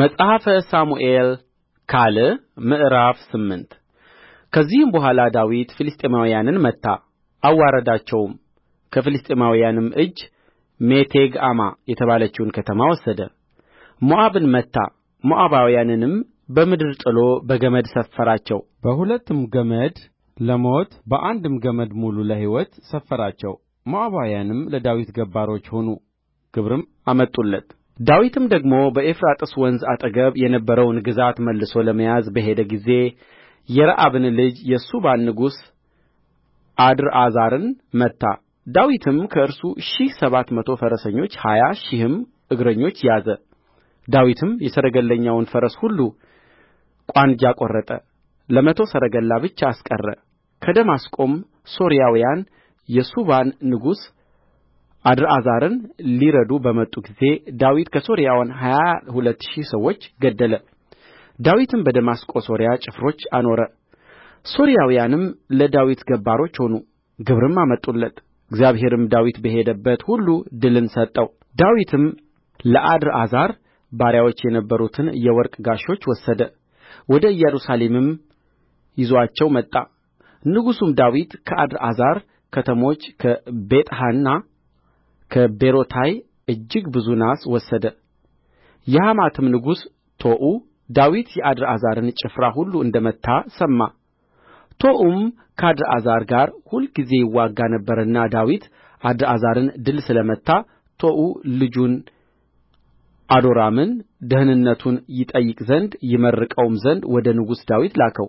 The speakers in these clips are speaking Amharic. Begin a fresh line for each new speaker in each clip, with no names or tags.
መጽሐፈ ሳሙኤል ካል ምዕራፍ ስምንት ከዚህም በኋላ ዳዊት ፍልስጥኤማውያንን መታ አዋረዳቸውም ከፍልስጥኤማውያንም እጅ ሜቴግ አማ የተባለችውን ከተማ ወሰደ ሞዓብን መታ ሞዓባውያንንም በምድር ጥሎ በገመድ ሰፈራቸው በሁለትም ገመድ ለሞት በአንድም ገመድ ሙሉ ለሕይወት ሰፈራቸው ሞዓባውያንም ለዳዊት ገባሮች ሆኑ ግብርም አመጡለት ዳዊትም ደግሞ በኤፍራጥስ ወንዝ አጠገብ የነበረውን ግዛት መልሶ ለመያዝ በሄደ ጊዜ የረአብን ልጅ የሱባን ንጉሥ አድርአዛርን መታ። ዳዊትም ከእርሱ ሺህ ሰባት መቶ ፈረሰኞች ሀያ ሺህም እግረኞች ያዘ። ዳዊትም የሰረገለኛውን ፈረስ ሁሉ ቋንጃ ቈረጠ፣ ለመቶ ሰረገላ ብቻ አስቀረ። ከደማስቆም ሶርያውያን የሱባን ንጉሥ አድርአዛርን ሊረዱ በመጡ ጊዜ ዳዊት ከሶርያውያን ሀያ ሁለት ሺህ ሰዎች ገደለ ዳዊትም በደማስቆ ሶርያ ጭፍሮች አኖረ ሶርያውያንም ለዳዊት ገባሮች ሆኑ ግብርም አመጡለት እግዚአብሔርም ዳዊት በሄደበት ሁሉ ድልን ሰጠው ዳዊትም ለአድርአዛር ባሪያዎች የነበሩትን የወርቅ ጋሾች ወሰደ ወደ ኢየሩሳሌምም ይዞአቸው መጣ ንጉሡም ዳዊት ከአድርአዛር ከተሞች ከቤትሐና ከቤሮታይ እጅግ ብዙ ናስ ወሰደ የሐማትም ንጉሥ ቶዑ ዳዊት የአድርአዛርን ጭፍራ ሁሉ እንደ መታ ሰማ ቶዑም ከአድርአዛር ጋር ሁልጊዜ ይዋጋ ነበርና ዳዊት አድርአዛርን ድል ስለ መታ ቶዑ ልጁን አዶራምን ደኅንነቱን ይጠይቅ ዘንድ ይመርቀውም ዘንድ ወደ ንጉሥ ዳዊት ላከው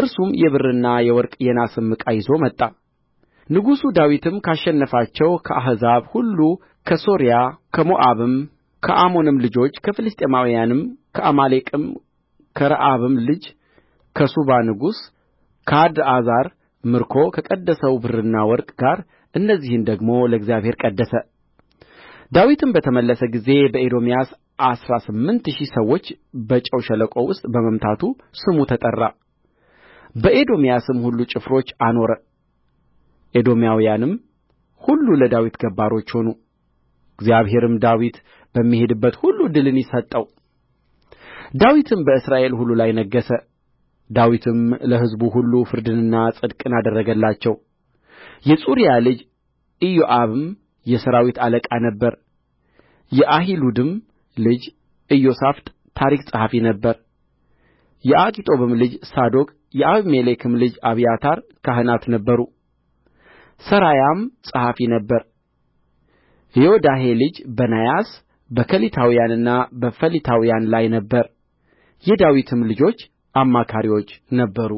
እርሱም የብርና የወርቅ የናስም ዕቃ ይዞ መጣ ንጉሡ ዳዊትም ካሸነፋቸው ከአሕዛብ ሁሉ ከሶርያ ከሞዓብም ከአሞንም ልጆች ከፍልስጥኤማውያንም ከአማሌቅም ከረአብም ልጅ ከሱባ ንጉሥ ከአድርአዛር ምርኮ ከቀደሰው ብርና ወርቅ ጋር እነዚህን ደግሞ ለእግዚአብሔር ቀደሰ። ዳዊትም በተመለሰ ጊዜ በኤዶምያስ አሥራ ስምንት ሺህ ሰዎች በጨው ሸለቆ ውስጥ በመምታቱ ስሙ ተጠራ። በኤዶምያስም ሁሉ ጭፍሮች አኖረ። ኤዶማውያንም ሁሉ ለዳዊት ገባሮች ሆኑ እግዚአብሔርም ዳዊት በሚሄድበት ሁሉ ድልን ሰጠው ዳዊትም በእስራኤል ሁሉ ላይ ነገሠ ዳዊትም ለሕዝቡ ሁሉ ፍርድንና ጽድቅን አደረገላቸው የጽሩያ ልጅ ኢዮአብም የሠራዊት አለቃ ነበረ የአሒሉድም ልጅ ኢዮሳፍጥ ታሪክ ጸሐፊ ነበረ የአኪጦብም ልጅ ሳዶቅ የአቢሜሌክም ልጅ አብያታር ካህናት ነበሩ ሠራያም ጸሐፊ ነበረ የዮዳሄ ልጅ በናያስ በከሊታውያንና በፈሊታውያን ላይ ነበረ የዳዊትም ልጆች አማካሪዎች ነበሩ